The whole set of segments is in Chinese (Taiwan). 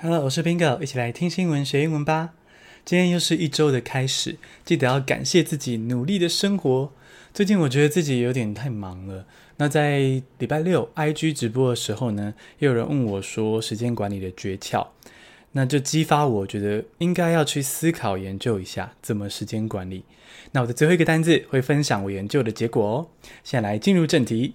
Hello，我是 Bingo，一起來聽新聞學英文吧。今天又是一周的開始，記得要感謝自己努力的生活。最近我覺得自己有點太忙了。那在禮拜六 IG 直播的時候呢，也有人問我說時間管理的訣竅，那就激發我覺得應該要去思考研究一下怎麼時間管理。那我的最後一個單字會分享我研究的結果哦。現在來進入正題。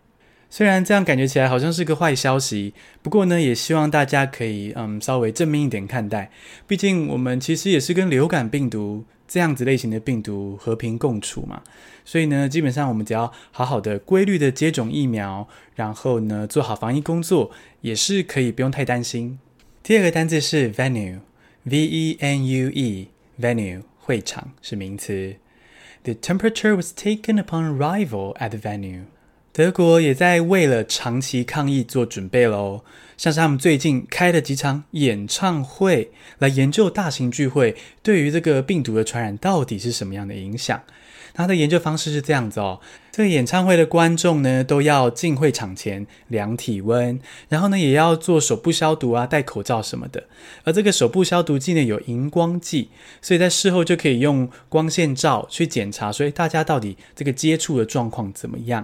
雖然這樣感覺起來好像是個壞消息，不過呢，也希望大家可以嗯稍微正面一點看待。畢竟我們其實也是跟流感病毒這樣子類型的病毒和平共處嘛，所以呢，基本上我們只要好好的、規律的接種疫苗，然後呢，做好防疫工作，也是可以不用太擔心。第二個單字是 venue，V E N U E，venue 會場，是名詞。The temperature was taken upon arrival at the venue. 德國也在為了長期抗疫做準備嘍，像是他們最近開了幾場演唱會，來研究大型聚會對於這個病毒的傳染到底是什麼樣的影響。他的研究方式是這樣子哦，這個演唱會的觀眾呢都要進會場前量體溫，然後呢也要做手部消毒啊，戴口罩、什麼的。而這個手部消毒劑呢有熒光劑，所以在事後就可以用光線照去檢查，所以大家到底這個接觸的狀況怎麼樣。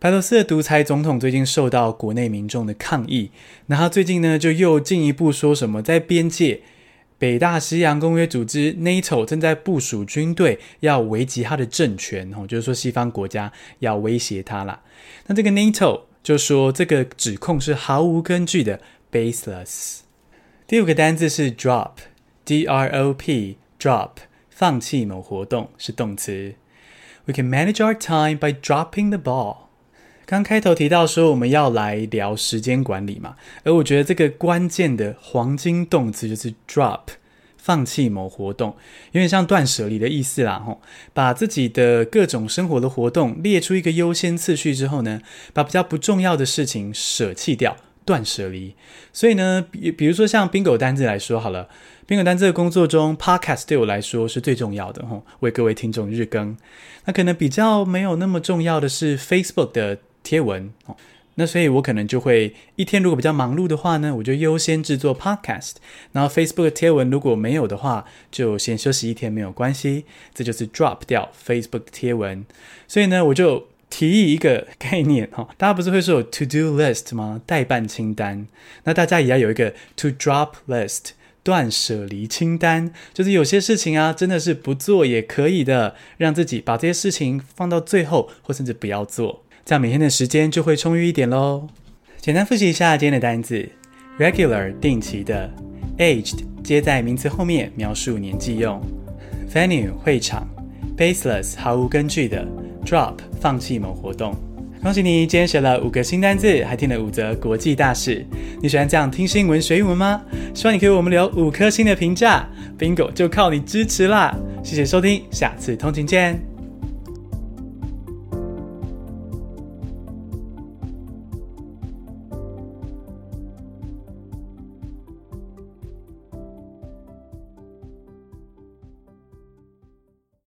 白羅斯的獨裁總統最近受到國內民眾的抗議，那他最近呢就又進一步說什麼，在邊界，北大西洋公約組織 （NATO） 正在部署軍隊，要危及他的政權。哦，就是說西方國家要威脅他啦。那這個 NATO 就說這個指控是毫無根據的 （baseless）。第五個單字是 drop，D-R-O-P，drop，drop, 放棄某活動是動詞。We can manage our time by dropping the ball。剛開頭提到說我們要來聊時間管理嘛，而我覺得這個關鍵的黃金動詞就是 drop，放棄某活動，有點像斷捨離的意思啦吼，把自己的各種生活的活動列出一個優先次序之後呢，把比較不重要的事情捨棄掉，斷捨離。所以呢，比比如說像 bingo 單字來說好了，bingo 單字的工作中 podcast 對我來說是最重要的吼，為各位聽眾日更，那可能比較沒有那麼重要的是 Facebook 的。貼文哦，那所以我可能就會一天如果比較忙碌的話呢，我就優先制作 podcast，然後 Facebook 貼文如果沒有的話，就先休息一天沒有關係，這就是 drop 掉 Facebook 貼文。所以呢，我就提議一個概念哦，大家不是會說有 to do list 嗎？待辦清單，那大家也要有一個 to drop list，斷捨離清單，就是有些事情啊，真的是不做也可以的，讓自己把這些事情放到最後，或甚至不要做。這樣每天的時間就會充裕一點嘍。簡單複習一下今天的單詞：regular 定期的，aged 接在名詞後面描述年紀用，venue 會場，baseless 毫無根據的，drop 放棄某活動。恭喜你，今天學了五個新單字，還聽了五則國際大事。你喜歡這樣聽新聞學英文嗎？希望你可以為我們留五顆星的評價，Bingo 就靠你支持啦！謝謝收聽，下次通勤見。